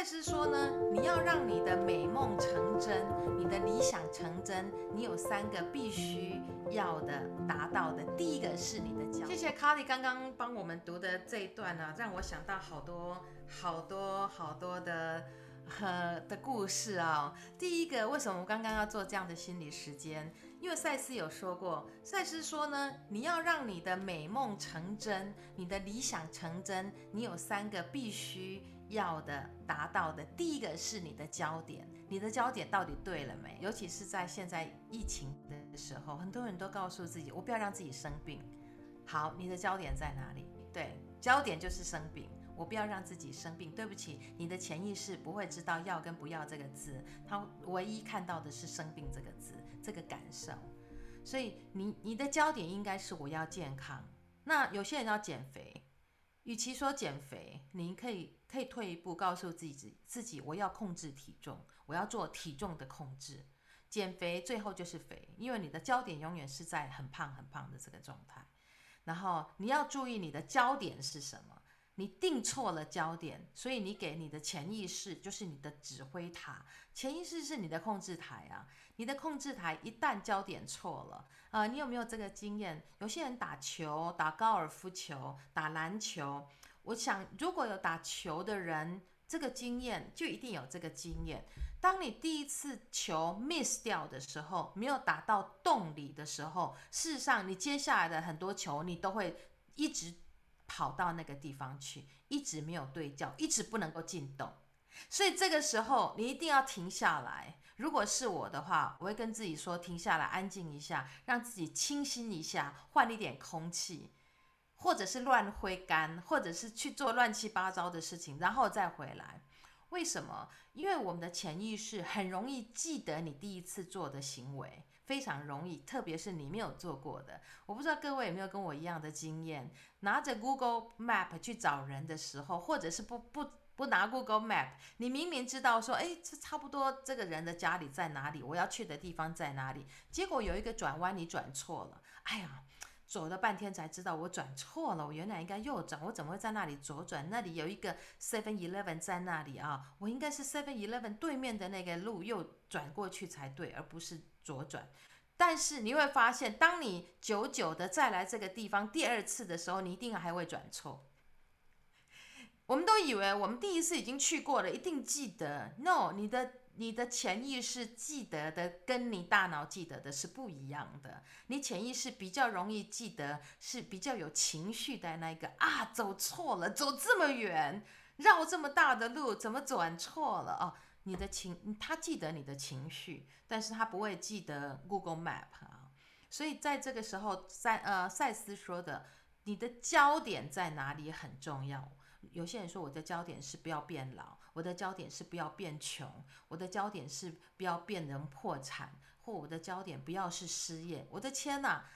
賽斯說呢，你要讓你的美夢成真，你的理想成真，你有三個必須要的達到的。第一個是你的焦點。謝謝 Carly 剛剛幫我們讀的這一段呢、啊，讓我想到好多好多好多的呃的故事啊。第一個，為什麼我剛剛要做這樣的心理時間？因為賽斯有說過，賽斯說呢，你要讓你的美夢成真，你的理想成真，你有三個必須。要的達到的第一個是你的焦點，你的焦點到底對了沒？尤其是在現在疫情的時候，很多人都告訴自己，我不要讓自己生病。好，你的焦點在哪裡？對，焦點就是生病，我不要讓自己生病。對不起，你的潛意識不會知道要跟不要這個字，他唯一看到的是生病這個字，這個感受。所以你你的焦點應該是我要健康。那有些人要減肥，與其說減肥，你可以。可以退一步，告訴自己：自己我要控制體重，我要做體重的控制。減肥最後就是肥，因為你的焦點永遠是在很胖很胖的這個狀態。然後你要注意你的焦點是什麼？你定錯了焦點，所以你給你的潛意識就是你的指揮塔，潛意識是你的控制台啊。你的控制台一旦焦點錯了，呃，你有沒有這個經驗？有些人打球、打高爾夫球、打籃球。我想，如果有打球的人，這個經驗就一定有這個經驗。當你第一次球 miss 掉的時候，沒有打到洞裡的時候，事實上你接下來的很多球你都會一直跑到那個地方去，一直沒有對焦，一直不能夠進洞。所以這個時候你一定要停下來。如果是我的話，我會跟自己說，停下來，安靜一下，讓自己清新一下，換一點空氣。或者是亂揮桿，或者是去做亂七八糟的事情，然後再回來。為什麼？因為我們的潛意識很容易記得你第一次做的行為，非常容易，特別是你沒有做過的。我不知道各位有沒有跟我一樣的經驗，拿着 Google Map 去找人的時候，或者是不不不拿 Google Map，你明明知道說，哎，這差不多這個人的家裡在哪裡，我要去的地方在哪裡，結果有一個轉彎你轉錯了，哎呀。走了半天才知道我轉錯了，我原來應該右轉，我怎麼會在那裡左轉？那裡有一個 Seven Eleven 在那裡啊，我應該是 Seven Eleven 對面的那個路，右轉過去才對，而不是左轉。但是你會發現，當你久久的再來這個地方第二次的時候，你一定還會轉錯。我們都以為我們第一次已經去過了，一定記得。No，你的。你的潛意識記得的跟你大腦記得的是不一樣的，你潛意識比較容易記得是比較有情緒的那一個啊，走錯了，走這麼遠，繞這麼大的路，怎麼轉錯了啊？哦，你的情，他記得你的情緒，但是他不會記得 Google Map 啊。所以在這個時候，賽呃賽斯說的，你的焦點在哪裡很重要。有些人說我的焦點是不要變老。我的焦點是不要變窮，我的焦點是不要變人破產，或我的焦點不要是失業。我的天吶、啊，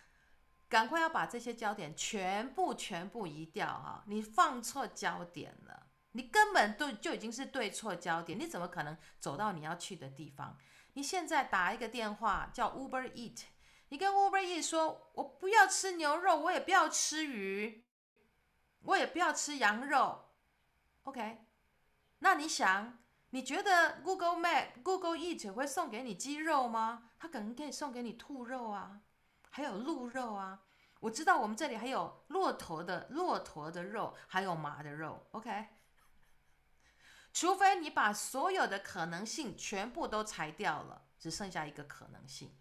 趕快要把這些焦點全部全部移掉哈、啊！你放錯焦點了，你根本都就已經是對錯焦點，你怎麼可能走到你要去的地方？你現在打一個電話叫 Uber Eat，你跟 Uber Eat 說，我不要吃牛肉，我也不要吃魚，我也不要吃羊肉，OK？那你想，你覺得 Google Map、Google Eats 會送給你雞肉嗎？它可能可以送給你兔肉啊，還有鹿肉啊。我知道我們這裡還有駱駝的駱駝的肉，還有馬的肉。OK，除非你把所有的可能性全部都裁掉了，只剩下一個可能性。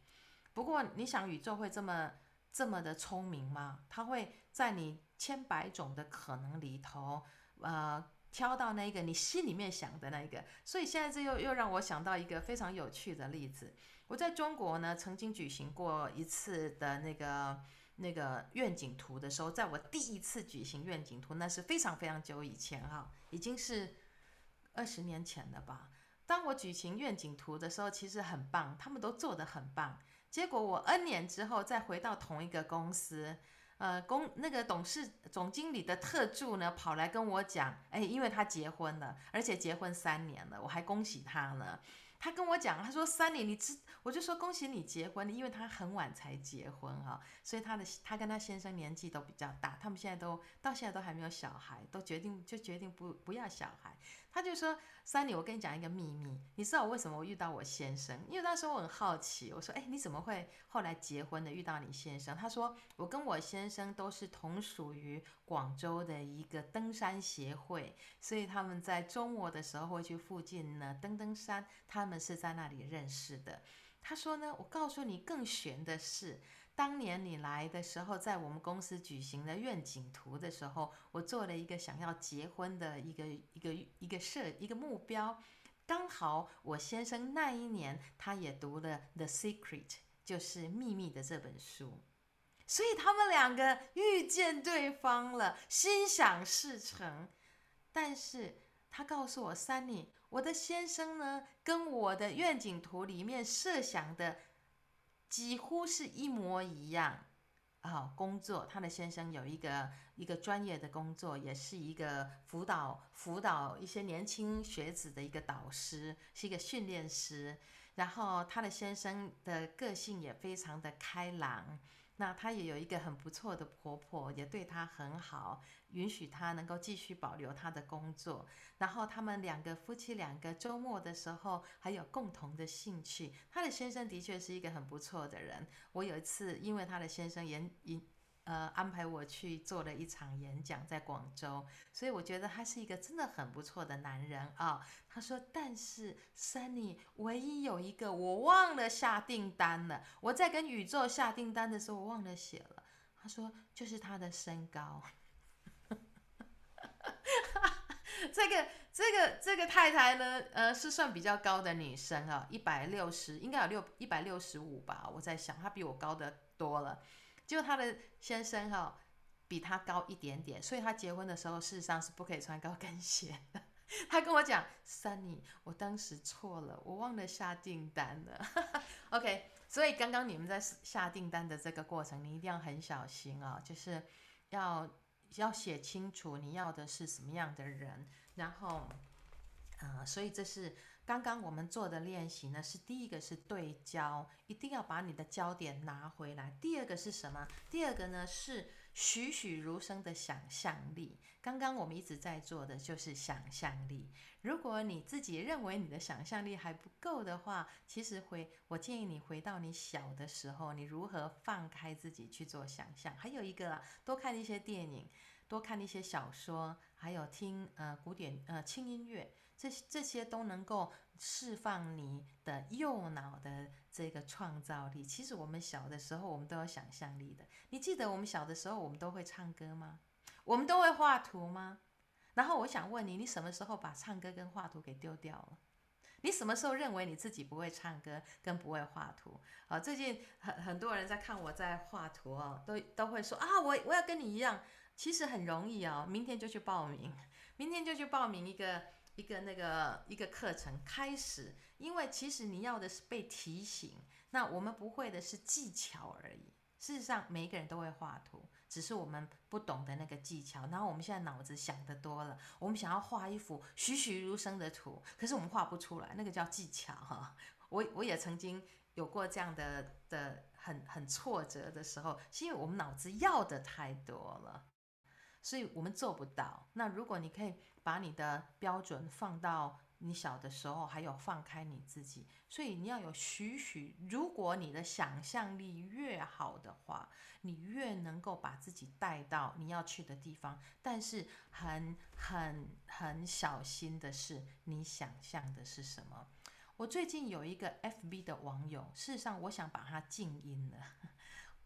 不過你想，宇宙會這麼這麼的聰明嗎？它會在你千百種的可能裡頭，呃。挑到那一個你心裡面想的那一個，所以現在這又又讓我想到一個非常有趣的例子。我在中國呢，曾經舉行過一次的那個那個願景圖的時候，在我第一次舉行願景圖，那是非常非常久以前哈、哦，已經是二十年前了吧。當我舉行願景圖的時候，其實很棒，他們都做得很棒。結果我 N 年之後再回到同一個公司。呃，公那個董事總經理的特助呢，跑來跟我講，哎、欸，因為他結婚了，而且結婚三年了，我還恭喜他呢。他跟我講，他說三年你知，我就說恭喜你結婚了，因為他很晚才結婚哈、哦，所以他的他跟他先生年紀都比較大，他們現在都到現在都還沒有小孩，都決定就決定不不要小孩。他就說：“珊妮，我跟你講一個祕密，你知道我為什麼我遇到我先生？因為那時候我很好奇，我說，哎，你怎麼會後來結婚的？遇到你先生？他說，我跟我先生都是同屬於廣州的一個登山協會，所以他們在周末的時候會去附近呢登登山，他們是在那裡認識的。他說呢，我告訴你更懸的是。”當年你來的時候，在我們公司舉行的願景圖的時候，我做了一個想要結婚的一個一個一個設一，一個目標。剛好我先生那一年他也讀了《The Secret》，就是《秘密》的這本書，所以他們兩個遇見對方了，心想事成。但是他告訴我，Sunny，我的先生呢，跟我的願景圖裡面設想的。幾乎是一模一樣，啊、哦，工作。她的先生有一個一個專業的工作，也是一個輔導輔導一些年輕學子的一個導師，是一個訓練師。然後，她的先生的個性也非常的開朗。那她也有一個很不錯的婆婆，也對她很好，允許她能夠繼續保留她的工作。然後他們兩個夫妻兩個週末的時候還有共同的興趣。她的先生的確是一個很不錯的人。我有一次因為她的先生也也。呃，安排我去做了一場演講，在廣州，所以我覺得他是一個真的很不錯的男人啊，哦。他說：“但是，Sunny，唯一有一個我忘了下訂單了。我在跟宇宙下訂單的時候，我忘了寫了。”他說：“就是他的身高。” 啊，這個這個這個太太呢，呃，是算比較高的女生啊，一百六十應該有六一百六十五吧。我在想，她比我高得多了。就她的先生哈、哦、比她高一點點，所以她結婚的時候事實上是不可以穿高跟鞋的。她 跟我講：“Sunny，我當時錯了，我忘了下訂單了。 ”OK，所以剛剛你們在下訂單的這個過程，你一定要很小心哦，就是要要寫清楚你要的是什麼樣的人，然後。啊、嗯，所以這是剛剛我們做的練習呢，是第一個是對焦，一定要把你的焦點拿回來。第二個是什麼？第二個呢是栩栩如生的想象力。剛剛我們一直在做的就是想象力。如果你自己認為你的想象力還不夠的話，其實回我建議你回到你小的時候，你如何放開自己去做想象。還有一個，多看一些電影，多看一些小說，還有聽呃古典呃輕音樂。這這些都能夠釋放你的右腦的這個創造力。其實我們小的時候，我們都有想象力的。你記得我們小的時候，我們都會唱歌嗎？我們都會畫圖嗎？然後我想問你，你什麼時候把唱歌跟畫圖給丟掉了？你什麼時候認為你自己不會唱歌跟不會畫圖？啊，最近很很多人在看我在畫圖哦，都都會說啊，我我要跟你一樣。其實很容易哦，明天就去報名，明天就去報名一個。一個那個一個課程開始，因為其實你要的是被提醒，那我們不會的是技巧而已。事實上，每一個人都會畫圖，只是我們不懂得那個技巧。然後我們現在腦子想得多了，我們想要畫一幅栩栩如生的圖，可是我們畫不出來，那個叫技巧哈。我我也曾經有過這樣的的很很挫折的時候，是因為我們腦子要的太多了。所以我們做不到。那如果你可以把你的標準放到你小的時候，還有放開你自己，所以你要有許許。如果你的想象力越好的話，你越能夠把自己帶到你要去的地方。但是很很很小心的是，你想象的是什麼？我最近有一個 FB 的網友，事實上我想把他靜音了。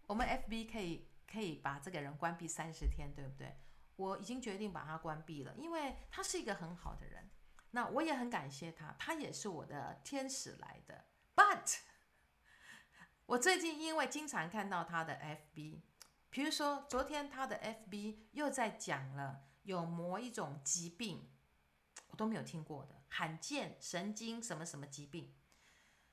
我們 FB 可以可以把這個人關閉三十天，對不對？我已經決定把它關閉了，因為他是一個很好的人，那我也很感謝他，他也是我的天使來的。But，我最近因為經常看到他的 FB，比如說昨天他的 FB 又在講了有某一種疾病，我都沒有聽過的，罕見神經什麼什麼疾病。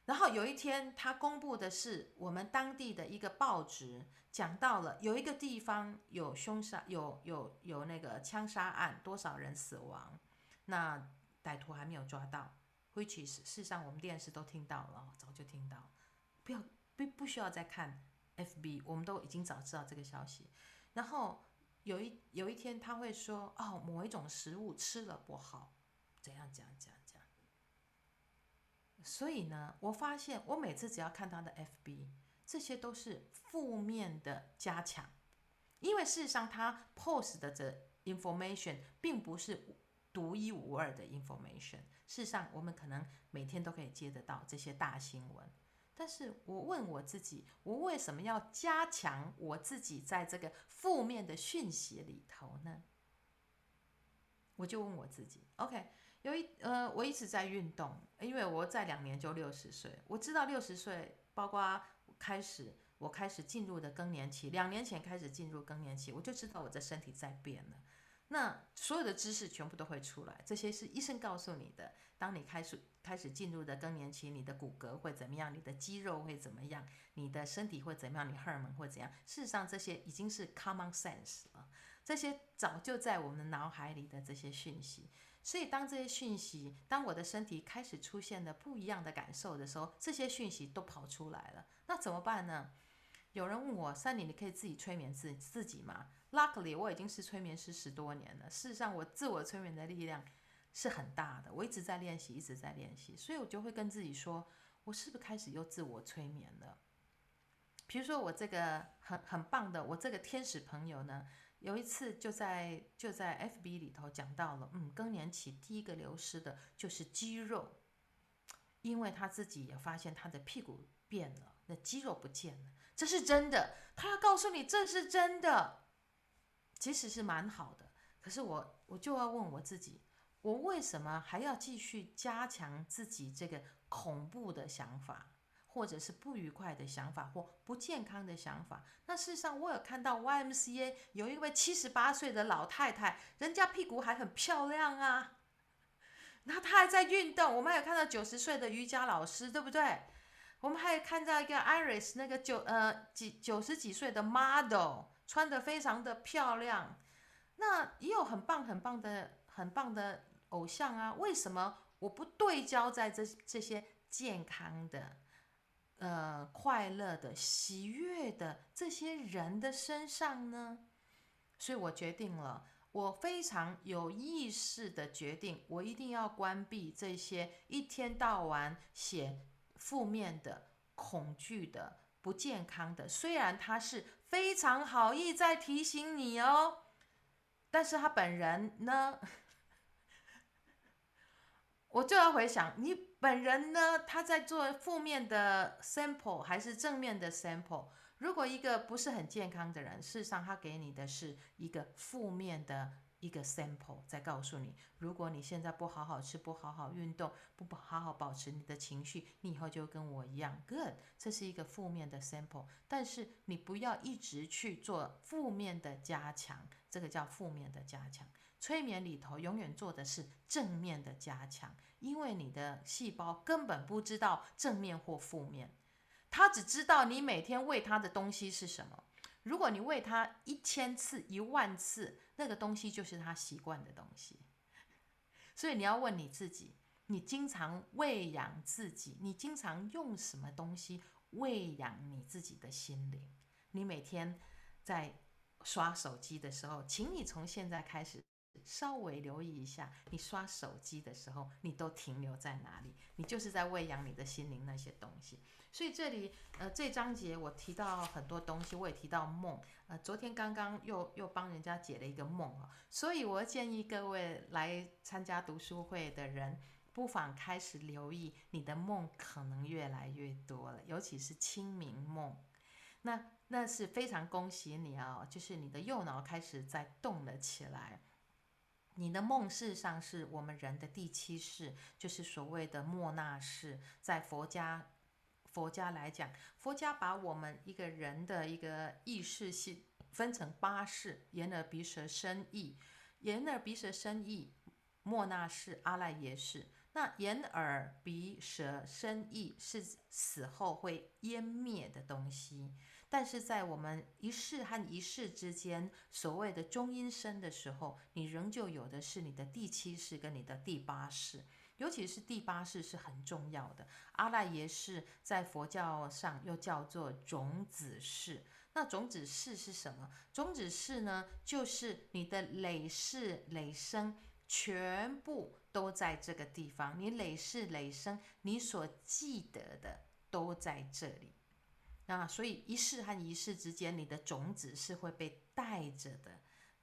然後有一天，他公布的是我們當地的一個報紙，講到了有一個地方有兇殺，有有有那個槍殺案，多少人死亡，那歹徒還沒有抓到。which 事實上我們電視都聽到了，早就聽到，不要不不需要再看 FB，我們都已經早知道這個消息。然後有一有一天他會說，哦，某一種食物吃了不好，怎樣講講？怎樣怎樣所以呢，我發現我每次只要看他的 FB，這些都是負面的加強，因為事實上他 post 的這 information 並不是獨一無二的 information。事實上，我們可能每天都可以接得到這些大新聞，但是我問我自己，我為什麼要加強我自己在這個負面的訊息裡頭呢？我就問我自己，OK。有一，呃，我一直在運動，因為我在兩年就六十歲。我知道六十歲，包括開始我開始進入的更年期，兩年前開始進入更年期，我就知道我的身體在變了。那所有的知識全部都會出來，這些是醫生告訴你的。當你開始開始進入的更年期，你的骨骼會怎麼樣？你的肌肉會怎麼樣？你的身體會怎麼樣？你荷爾蒙會怎樣？事實上，這些已經是 common sense 了，這些早就在我們腦海裡的這些訊息。所以，當這些訊息，當我的身體開始出現了不一樣的感受的時候，這些訊息都跑出來了。那怎麼辦呢？有人問我：“珊妮你，你可以自己催眠自己自己嗎？”Luckily，我已經是催眠師十多年了。事實上，我自我催眠的力量是很大的。我一直在練習，一直在練習。所以，我就會跟自己說：“我是不是開始又自我催眠了？”比如說，我這個很很棒的，我這個天使朋友呢？有一次，就在就在 FB 裡頭講到了，嗯，更年期第一個流失的就是肌肉，因為他自己也發現他的屁股變了，那肌肉不見了，這是真的。他要告訴你這是真的，其實是蠻好的。可是我我就要問我自己，我為什麼還要繼續加強自己這個恐怖的想法？或者是不愉快的想法或不健康的想法。那事實上，我有看到 YMCA 有一位七十八歲的老太太，人家屁股還很漂亮啊。那她還在運動。我們還有看到九十歲的瑜伽老師，對不對？我們還有看到一個 Iris，那個九呃幾九十幾歲的 model，穿得非常的漂亮。那也有很棒很棒的很棒的偶像啊。為什麼我不對焦在這這些健康的？呃，快樂的、喜悅的這些人的身上呢？所以我決定了，我非常有意識地決定，我一定要關閉這些一天到晚寫負面的、恐懼的、不健康的。雖然他是非常好意在提醒你哦，但是他本人呢， 我就要回想你。本人呢，他在做負面的 sample 還是正面的 sample？如果一個不是很健康的人，事實上他給你的是一個負面的一個 sample，在告訴你，如果你現在不好好吃、不好好運動、不不好好保持你的情緒，你以後就跟我一樣。Good，這是一個負面的 sample。但是你不要一直去做負面的加強，這個叫負面的加強。催眠裡頭永遠做的是正面的加強，因為你的細胞根本不知道正面或負面，它只知道你每天餵它的東西是什麼。如果你餵它一千次、一萬次，那個東西就是它習慣的東西。所以你要問你自己，你經常餵養自己，你經常用什麼東西餵養你自己的心靈？你每天在刷手機的時候，請你從現在開始。稍微留意一下，你刷手機的時候，你都停留在哪裡？你就是在餵養你的心靈那些東西。所以這裡，呃，這章節我提到很多東西，我也提到夢，呃，昨天剛剛又又幫人家解了一個夢啊、哦。所以，我建議各位來參加讀書會的人，不妨開始留意你的夢，可能越來越多了，尤其是清明夢，那那是非常恭喜你啊、哦，就是你的右腦開始在動了起來。你的夢，事實上是我們人的第七識，就是所謂的末那識。在佛家，佛家來講，佛家把我們一個人的一個意識系分成八識：眼耳鼻舌身意，眼耳鼻舌身意，末那識、阿賴耶識。那眼耳鼻舌身意是死後會湮滅的東西。但是在我們一世和一世之間，所謂的中陰身的時候，你仍舊有的是你的第七識跟你的第八識，尤其是第八識是很重要的。阿賴耶識在佛教上又叫做種子識。那種子識是什麼？種子識呢，就是你的累世累生全部都在這個地方。你累世累生，你所記得的都在這裡。啊，所以一世和一世之間，你的種子是會被帶着的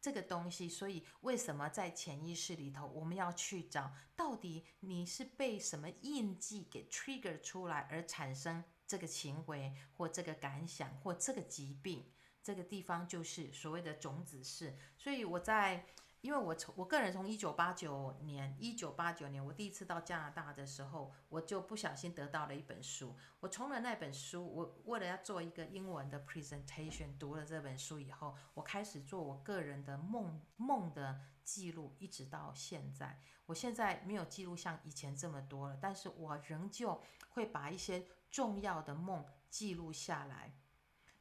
這個東西。所以為什麼在潛意識裡頭，我們要去找到底你是被什麼印記給 trigger 出來而產生這個行為或這個感想或這個疾病？這個地方就是所謂的種子識，所以我在。因為我從我個人從一九八九年，一九八九年我第一次到加拿大的時候，我就不小心得到了一本書。我從了那本書，我為了要做一個英文的 presentation，讀了這本書以後，我開始做我個人的夢夢的記錄，一直到現在。我現在沒有記錄像以前這麼多了，但是我仍舊會把一些重要的夢記錄下來。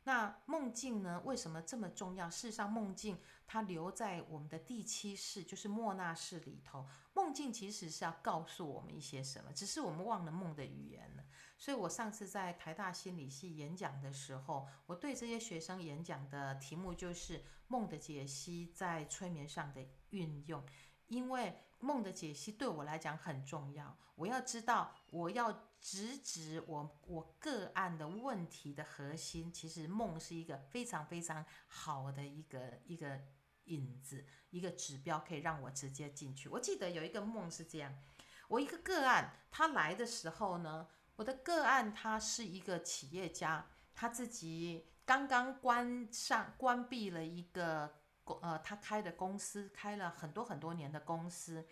那夢境呢？為什麼這麼重要？事實上，夢境它留在我們的第七識，就是末那識裡頭。夢境其實是要告訴我們一些什麼，只是我們忘了夢的語言了。所以我上次在台大心理系演講的時候，我對這些學生演講的題目就是夢的解析在催眠上的運用，因為夢的解析對我來講很重要，我要知道我要。直指我我個案的問題的核心，其實夢是一個非常非常好的一個一個引子，一個指標，可以讓我直接進去。我記得有一個夢是這樣，我一個個案，他來的時候呢，我的個案他是一個企業家，他自己剛剛關上關閉了一個公呃他開的公司，開了很多很多年的公司。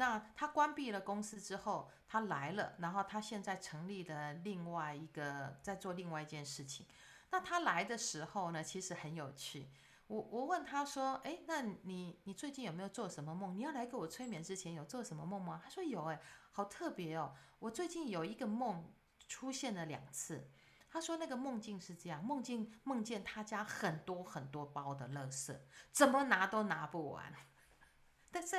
那他關閉了公司之後，他來了，然後他現在成立了另外一個在做另外一件事情。那他來的時候呢，其實很有趣。我我問他說：“哎，那你你最近有沒有做什麼夢？你要來給我催眠之前有做什麼夢嗎？”他說有、欸，誒，好特別哦。我最近有一個夢出現了兩次。他說那個夢境是這樣：夢境夢見他家很多很多包的垃圾，怎麼拿都拿不完，但是。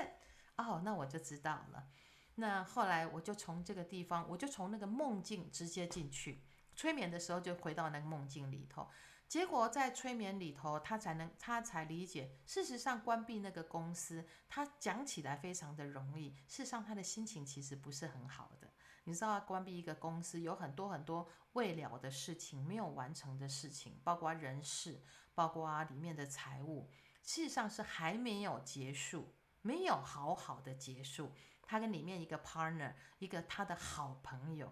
哦，那我就知道了。那後來我就從這個地方，我就從那個夢境直接進去，催眠的時候就回到那個夢境裡頭。結果在催眠裡頭，他才能他才理解。事實上，關閉那個公司，他講起來非常的容易。事實上，他的心情其實不是很好的。你知道，關閉一個公司有很多很多未了的事情，沒有完成的事情，包括人事，包括裡面的財務，事實上是還沒有結束。沒有好好的結束，他跟裡面一個 partner，一個他的好朋友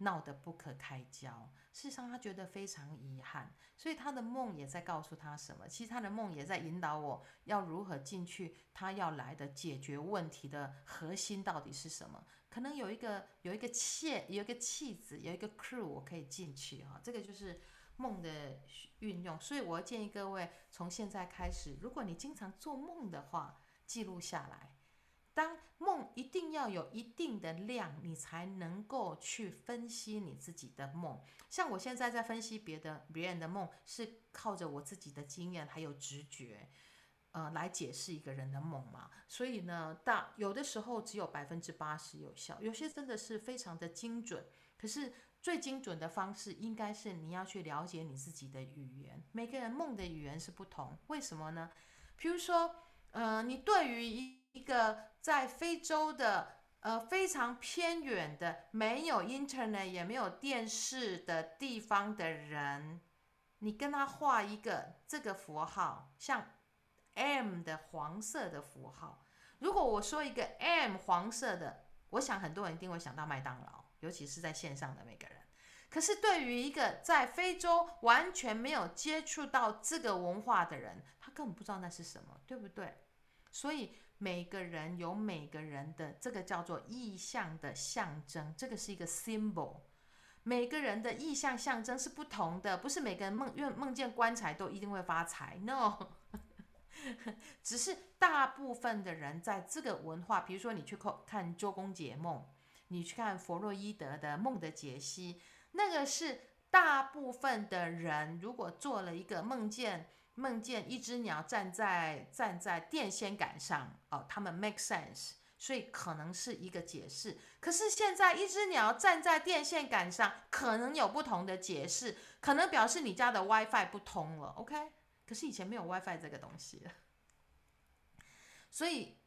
鬧得不可開交。事實上，他覺得非常遺憾，所以他的夢也在告訴他什麼。其實他的夢也在引導我要如何進去。他要來的解決問題的核心到底是什麼？可能有一個有一個妾，有一個妻子，有一個 crew，我可以進去哈。這個就是夢的運用。所以，我要建議各位從現在開始，如果你經常做夢的話。記錄下來，當夢一定要有一定的量，你才能夠去分析你自己的夢。像我現在在分析別的別人的夢，是靠着我自己的經驗還有直覺，呃，來解釋一個人的夢嘛。所以呢，大有的時候只有百分之八十有效，有些真的是非常的精準。可是最精準的方式，應該是你要去了解你自己的語言。每個人夢的語言是不同，為什麼呢？比如說，嗯、呃，你對於一個在非洲的，呃非常偏遠的、沒有 internet 也沒有電視的地方的人，你跟他畫一個這個符號，像 M 的黃色的符號。如果我說一個 M 黃色的，我想很多人一定會想到麥當勞，尤其是在線上的每個人。可是對於一個在非洲完全沒有接觸到這個文化的人，根本不知道那是什麼，對不對？所以每個人有每個人的這個叫做意象的象徵，這個是一個 symbol。每個人的意象象徵是不同的，不是每個人夢願夢見棺材都一定會發財。No， 只是大部分的人在這個文化，比如說你去看周公解夢，你去看弗洛伊德的夢的解析，那個是大部分的人如果做了一個夢見。夢見一隻鳥站在站在電線桿上，哦，他們 make sense，所以可能是一個解釋。可是現在一隻鳥站在電線桿上，可能有不同的解釋，可能表示你家的 WiFi 不通了，OK？可是以前沒有 WiFi 這個東西，所以。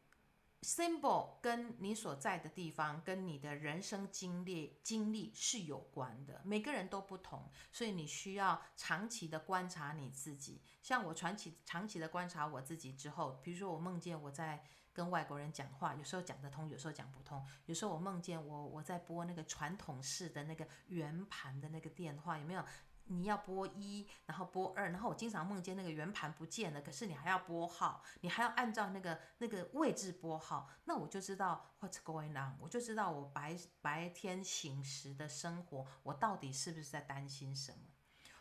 symbol 跟你所在的地方，跟你的人生經歷經歷是有關的，每個人都不同，所以你需要長期的觀察你自己。像我長期長期的觀察我自己之後，比如說我夢見我在跟外國人講話，有時候講得通，有時候講不通，有時候我夢見我我在撥那個傳統式的那個圓盤的那個電話，有沒有？你要撥一，然後撥二，然後我經常夢見那個圓盤不見了，可是你還要撥號，你還要按照那個那個位置撥號，那我就知道 what's going on，我就知道我白白天醒時的生活，我到底是不是在擔心什麼，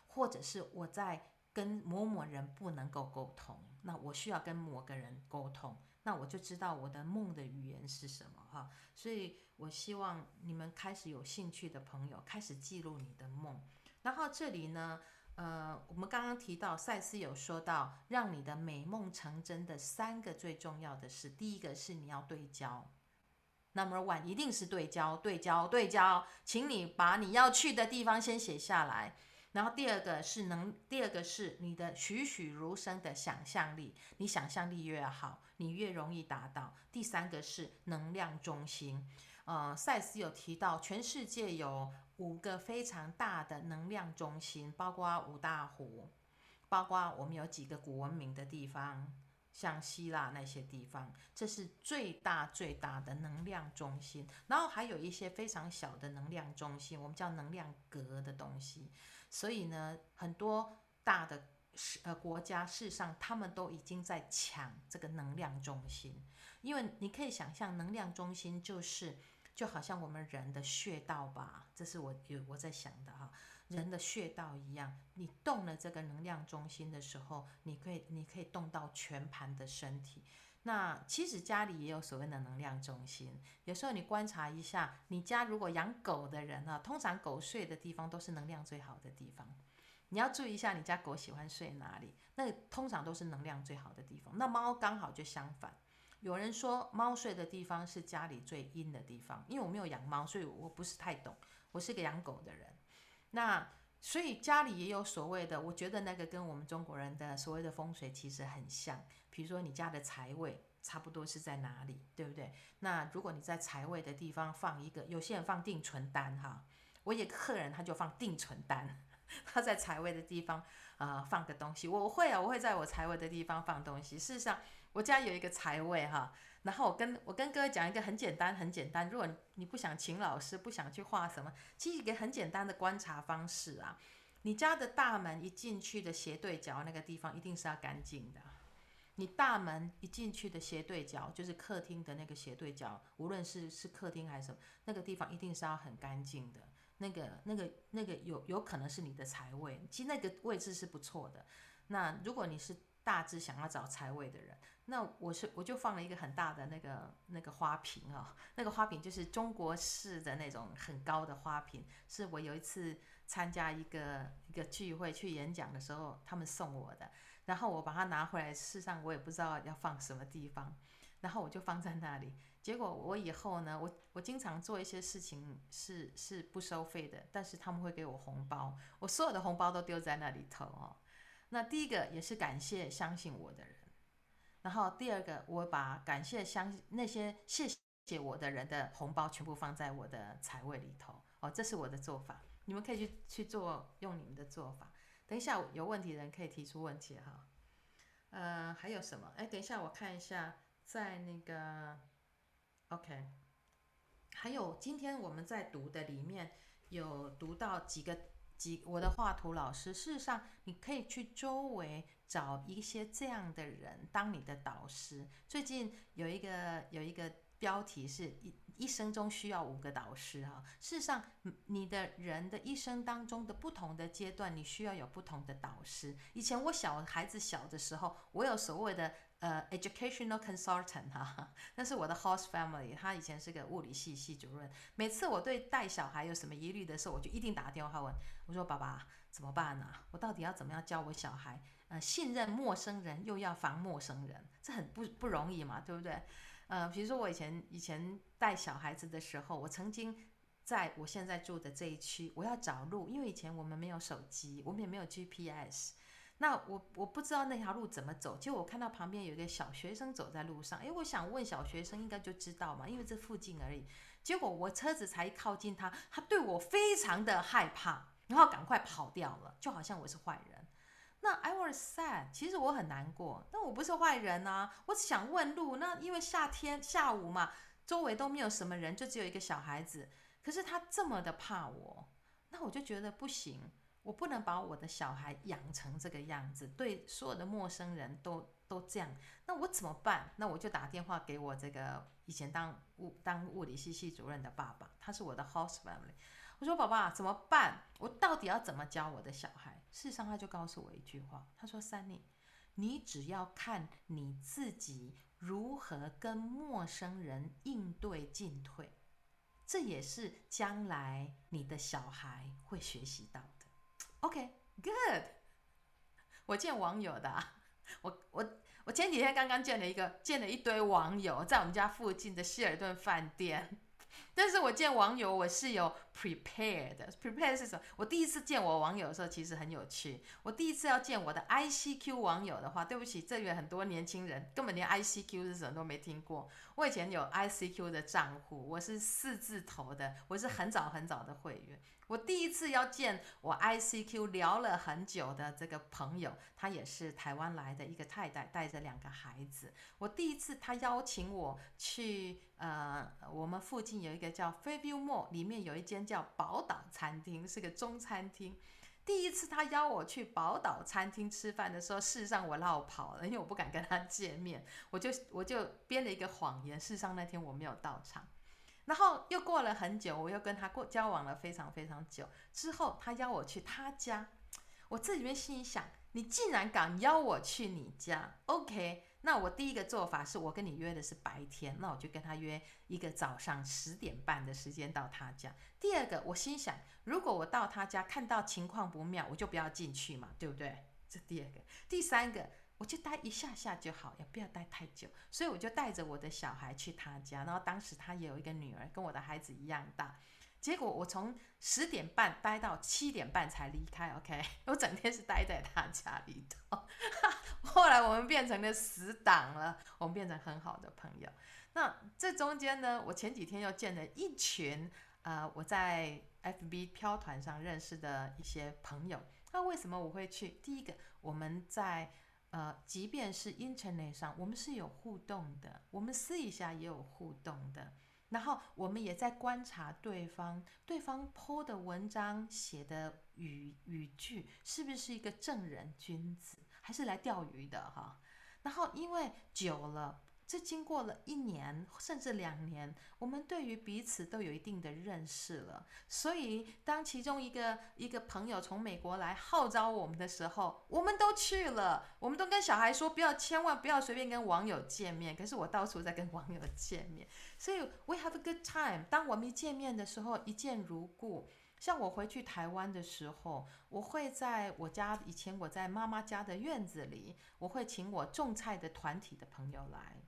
或者是我在跟某某人不能夠溝通，那我需要跟某個人溝通，那我就知道我的夢的語言是什麼哈，所以我希望你們開始有興趣的朋友開始記錄你的夢。然後這裡呢，呃，我們剛剛提到賽斯有說到，讓你的美夢成真的三個最重要的事。第一個是你要對焦，Number One 一定是對焦，對焦，對焦。請你把你要去的地方先寫下來。然後第二個是能，第二個是你的栩栩如生的想象力，你想象力越好，你越容易達到。第三個是能量中心，呃，賽斯有提到全世界有。五個非常大的能量中心，包括五大湖，包括我們有幾個古文明的地方，像希臘那些地方，這是最大最大的能量中心。然後還有一些非常小的能量中心，我們叫能量格的東西。所以呢，很多大的呃國家，事實上他們都已經在搶這個能量中心，因為你可以想象，能量中心就是。就好像我們人的穴道吧，這是我有我在想的哈、啊，人的穴道一樣，你動了這個能量中心的時候，你可以你可以動到全盤的身體。那其實家裡也有所謂的能量中心，有時候你觀察一下，你家如果養狗的人哈、啊，通常狗睡的地方都是能量最好的地方，你要注意一下你家狗喜歡睡哪裡，那個通常都是能量最好的地方。那貓剛好就相反。有人說貓睡的地方是家裡最陰的地方，因為我沒有養貓，所以我不是太懂。我是個養狗的人，那所以家裡也有所謂的，我覺得那個跟我們中國人的所謂的風水其實很像。比如說你家的財位差不多是在哪裡，對不對？那如果你在財位的地方放一個，有些人放定存單哈，我一個客人他就放定存單，他在財位的地方啊、呃、放個東西。我會啊，我會在我財位的地方放東西。事實上。我家有一個財位哈，然後我跟我跟各位講一個很簡單很簡單，如果你不想請老師，不想去畫什麼，其實一個很簡單的觀察方式啊，你家的大門一進去的斜對角那個地方一定是要乾淨的，你大門一進去的斜對角就是客廳的那個斜對角，無論是是客廳還是什麼，那個地方一定是要很乾淨的，那個那個那個有有可能是你的財位，其實那個位置是不錯的，那如果你是。大致想要找財位的人，那我是我就放了一個很大的那個那個花瓶哦，那個花瓶就是中國式的那種很高的花瓶，是我有一次參加一個一個聚會去演講的時候他們送我的，然後我把它拿回來，事實上我也不知道要放什麼地方，然後我就放在那裡，結果我以後呢，我我經常做一些事情是是不收費的，但是他們會給我紅包，我所有的紅包都丟在那裡頭哦。那第一個也是感謝相信我的人，然後第二個我把感謝相信那些謝謝我的人的紅包全部放在我的財位裡頭哦，這是我的做法，你們可以去去做用你們的做法。等一下有問題的人可以提出問題哈。呃，還有什麼？哎、欸，等一下我看一下，在那個 OK，還有今天我們在讀的裡面有讀到幾個。幾我的畫圖老師，事實上你可以去周圍找一些這樣的人當你的導師。最近有一個有一個標題是一一生中需要五個導師啊。事實上，你的人的一生當中的不同的階段，你需要有不同的導師。以前我小孩子小的時候，我有所謂的。呃、uh，educational consultant 哈、啊，哈，那是我的 host family。他以前是個物理系系主任。每次我對帶小孩有什麼疑慮的時候，我就一定打電話問。我說：“爸爸怎麼辦呢、啊？我到底要怎麼樣教我小孩？呃，信任陌生人又要防陌生人，這很不不容易嘛，對不對？”呃，比如說我以前以前帶小孩子的時候，我曾經在我現在住的這一區，我要找路，因為以前我們沒有手機，我們也沒有 GPS。那我我不知道那條路怎麼走，結果我看到旁邊有一個小學生走在路上，因為我想問小學生應該就知道嘛，因為這附近而已。結果我車子才靠近他，他對我非常的害怕，然後趕快跑掉了，就好像我是壞人。那 I was sad，其實我很難過，但我不是壞人啊，我只想問路。那因為夏天下午嘛，周圍都沒有什麼人，就只有一個小孩子，可是他這麼的怕我，那我就覺得不行。我不能把我的小孩養成這個樣子，對所有的陌生人都都這樣，那我怎麼辦？那我就打電話給我這個以前當物當物理系系主任的爸爸，他是我的 host family。我說：“爸爸，怎麼辦？我到底要怎麼教我的小孩？”事實上，他就告訴我一句話：“他說，Sunny，你只要看你自己如何跟陌生人應對進退，這也是將來你的小孩會學習到。” OK，Good。Okay, good. 我見網友的啊，我我我前幾天剛剛見了一個，見了一堆網友，在我們家附近的希爾頓飯店。但是我見網友，我是有 prepared。prepared 是什麼？我第一次見我網友的時候，其實很有趣。我第一次要見我的 I C Q 網友的話，對不起，這裡很多年輕人根本連 I C Q 是什麼都沒聽過。我以前有 I C Q 的賬戶，我是四字頭的，我是很早很早的會員。我第一次要見我 I C Q 聊了很久的這個朋友，他也是台灣來的一個太太，帶着兩個孩子。我第一次，他邀請我去，呃，我們附近有一個。叫 Fairview Mall，裡面有一間叫寶島餐廳，是個中餐廳。第一次他邀我去寶島餐廳吃飯的時候，事實上我落跑了，因為我不敢跟他見面，我就我就編了一個謊言。事實上那天我沒有到場。然後又過了很久，我又跟他過交往了非常非常久。之後他邀我去他家，我這裡面心裡想，你竟然敢邀我去你家？OK。那我第一個做法是，我跟你約的是白天，那我就跟他約一個早上十點半的時間到他家。第二個，我心想，如果我到他家看到情況不妙，我就不要進去嘛，對不對？這第二個，第三個，我就待一下下就好，也不要待太久。所以我就帶着我的小孩去他家，然後當時他也有一個女兒，跟我的孩子一樣大。結果我從十點半待到七點半才離開，OK？我整天是待在他家裡頭。後來我們變成了死黨了，我們變成很好的朋友。那這中間呢，我前幾天又見了一群呃我在 FB 飄團上認識的一些朋友。那為什麼我會去？第一個，我們在呃，即便是 Internet 上，我們是有互動的，我們私底下也有互動的。然後我們也在觀察對方，對方 PO 的文章寫的語語句是不是一個正人君子，還是來釣魚的哈、啊？然後因為久了。這經過了一年甚至兩年，我們對於彼此都有一定的認識了。所以，當其中一個一個朋友從美國來號召我們的時候，我們都去了。我們都跟小孩說不要千萬不要隨便跟網友見面。可是我到處在跟網友見面，所以 we have a good time。當我們一見面的時候，一見如故。像我回去台灣的時候，我會在我家以前我在媽媽家的院子裡，我會請我種菜的團體的朋友來。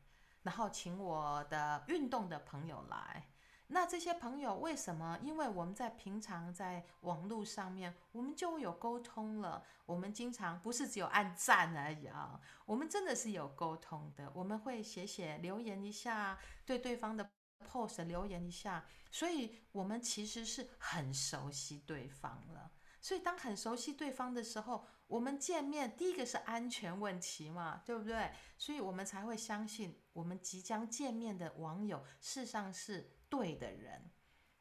然後請我的運動的朋友來，那這些朋友為什麼？因為我們在平常在網絡上面，我們就有溝通了。我們經常不是只有按讚而已啊，我們真的是有溝通的。我們會寫寫留言一下，對對方的 post 留言一下，所以我們其實是很熟悉對方了。所以當很熟悉對方的時候，我們見面第一個是安全問題嘛，對不對？所以我們才會相信我們即將見面的網友，事實上是對的人。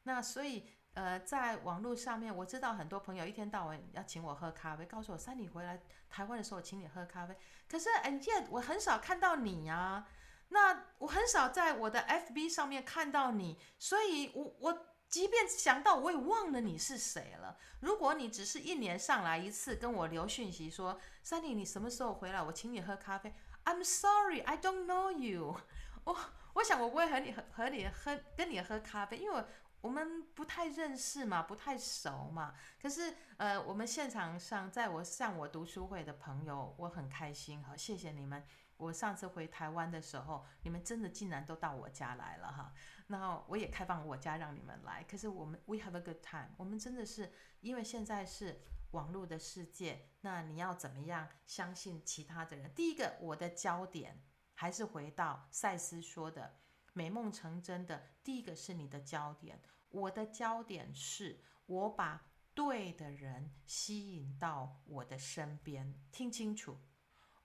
那所以，呃，在網絡上面，我知道很多朋友一天到晚要請我喝咖啡，告訴我三你回來台灣的時候，請你喝咖啡。可是，and yet，我很少看到你啊。那我很少在我的 FB 上面看到你，所以我我。即便想到，我也忘了你是誰了。如果你只是一年上來一次，跟我留訊息說：“三 y 你什麼時候回來？我請你喝咖啡。” I'm sorry, I don't know you。我我想我不會和你和和你喝跟你喝咖啡，因為我，我們不太認識嘛，不太熟嘛。可是呃，我們現場上在我上我讀書會的朋友，我很開心哈，謝謝你們。我上次回台灣的時候，你們真的竟然都到我家來了哈。那我也開放我家讓你們來，可是我們 we have a good time，我們真的是因為現在是網絡的世界，那你要怎麼樣相信其他的人？第一個，我的焦點還是回到賽斯說的“美夢成真”的第一個是你的焦點，我的焦點是我把對的人吸引到我的身邊，聽清楚，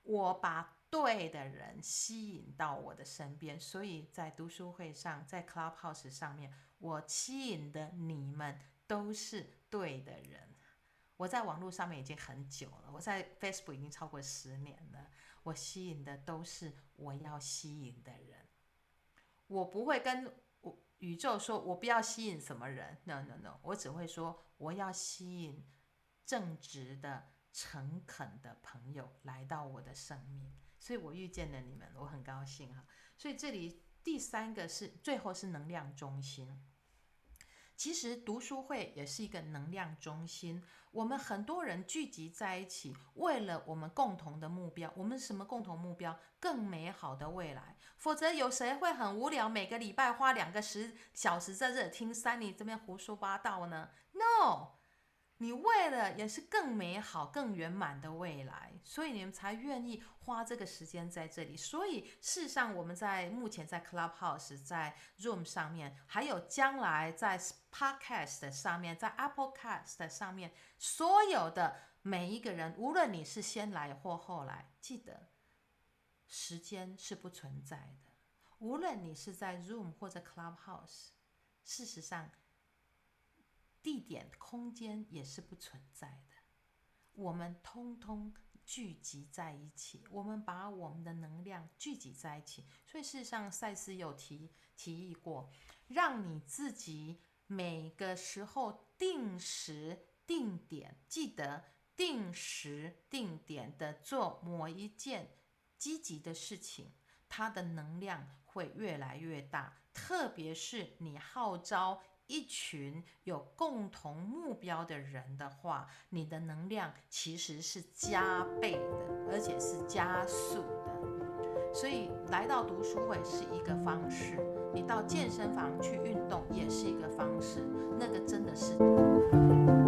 我把。對的人吸引到我的身邊，所以在讀書會上，在 Clubhouse 上面，我吸引的你們都是對的人。我在網絡上面已經很久了，我在 Facebook 已經超過十年了。我吸引的都是我要吸引的人。我不會跟我宇宙說我不要吸引什麼人，no no no，我只會說我要吸引正直的、誠懇的朋友來到我的生命。所以我遇見了你們，我很高興哈。所以這裡第三個是最後是能量中心。其實讀書會也是一個能量中心，我們很多人聚集在一起，為了我們共同的目標。我們什麼共同目標？更美好的未來。否則有誰會很無聊，每個禮拜花兩個十小時在這聽三里這邊胡說八道呢？No。你為了也是更美好、更圓滿的未來，所以你們才願意花這個時間在這裡。所以，事實上我們在目前在 Clubhouse、在 Zoom 上面，還有將來在 Podcast 上面，在 Applecast 上面，所有的每一個人，無論你是先來或後來，記得時間是不存在的。無論你是在 Zoom 或者 Clubhouse，事實上。地點、空間也是不存在的。我們通通聚集在一起，我們把我們的能量聚集在一起。所以，事實上，賽斯有提提議過，讓你自己每個時候定時定點，記得定時定點的做某一件積極的事情，它的能量會越來越大。特別是你號召。一群有共同目標的人的話，你的能量其實是加倍的，而且是加速的。所以來到讀書會是一個方式，你到健身房去運動也是一個方式，那個真的是。